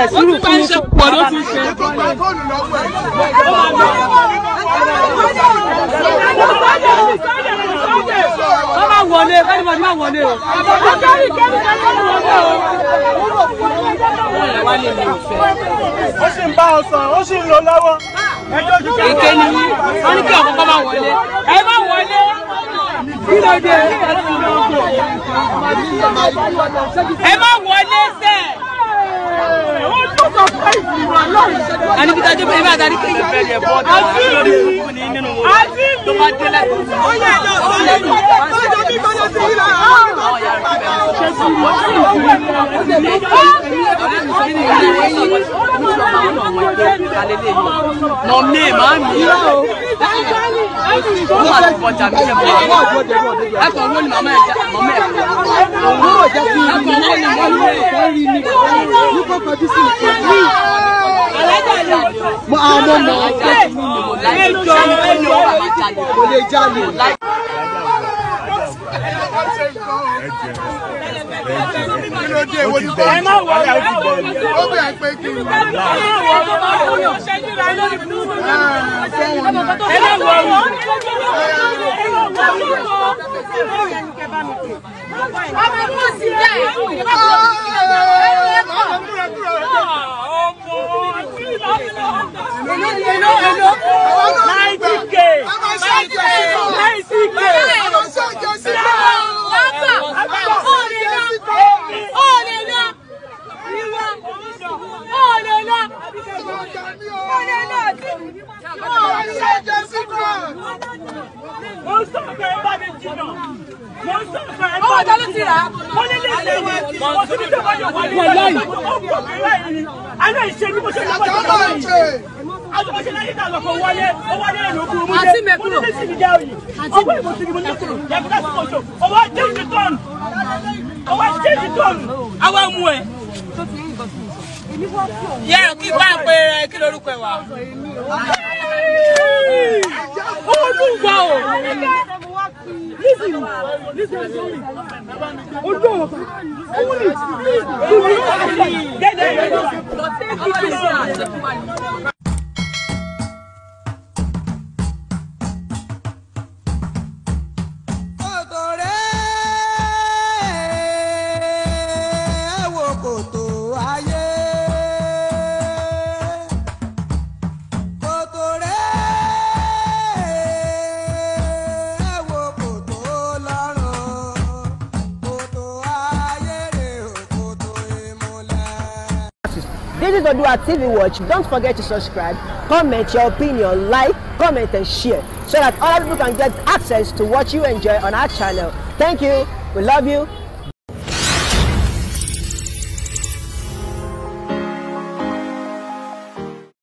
ẹ sùúrù fún iṣẹ́ pọ̀ ló ti ṣe. wọ́n máa wọlé kẹ́lí wọ́n máa wọlé o. kẹ́lí kẹ́lí kẹ́lí wọlé o. ó sì ń bá ọ sàn ó sì ń lọ lọ́wọ́. èké ni wọ́n ní kí ọ̀kọ́kọ́ máa wọlé kí ló dé ẹ má wọlé sẹ. Ani kita jẹ bẹẹ bá a dari kéèyàn bẹẹ yẹ bọ́ọ̀dù àti lórí kúkú ní nínú wo tó bá délẹ̀ tó ti bọ́. Ọyẹ ẹ̀jọ̀ tó lè ní ọjọ́ bí bọ́lá sí ìlà ọ̀hún. Ọyẹ ẹ̀jọ̀ tó lè ní ọjọ́ bí bọ́lá sí ìlà ọ̀hún. Nọ̀mí màá mi. Ó máa ti bọ̀jà mi lẹ̀ bọ́. má kọjú sí ìpè mí. mo àmọ́ mọ̀ ọ́ pé ẹjọ́ ẹjọ́ kò lè jalè. Kí ló dé ewo ti bọ̀? Ẹ má wọ ọ́ ẹ ti bọ̀ ọ́. Ó bẹ̀rẹ̀ pé kí n. Ẹ má wọ ọ́ ẹ má wọ ọ́. Ọmọ mú sí bẹ́ẹ̀. èlò ló ti rà á? ní lè ṣe ìwé mo sì ní tẹ́wọ́ yọ̀ wá ní ìwé. Àná ìṣe ni mo ṣe ní wọ́n àtúnṣe láyé tà lọ́kọ̀ wọlé ó wọlé lẹ́nu okùn mú dé mú dé sí ìdá òyì ọwọ́ ìbò sí ìbò lẹ́kùn yàtúndà sí kòtò ọwọ́ jẹ́jì tọ́ọ̀nù ọwọ́ jẹ́jì tọ́ọ̀nù àwọn ọmọ ẹ̀. This is Odua TV Watch. Don't forget to subscribe, comment your opinion, like, comment and share so that other people can get access to what you enjoy on our channel. Thank you. We love you.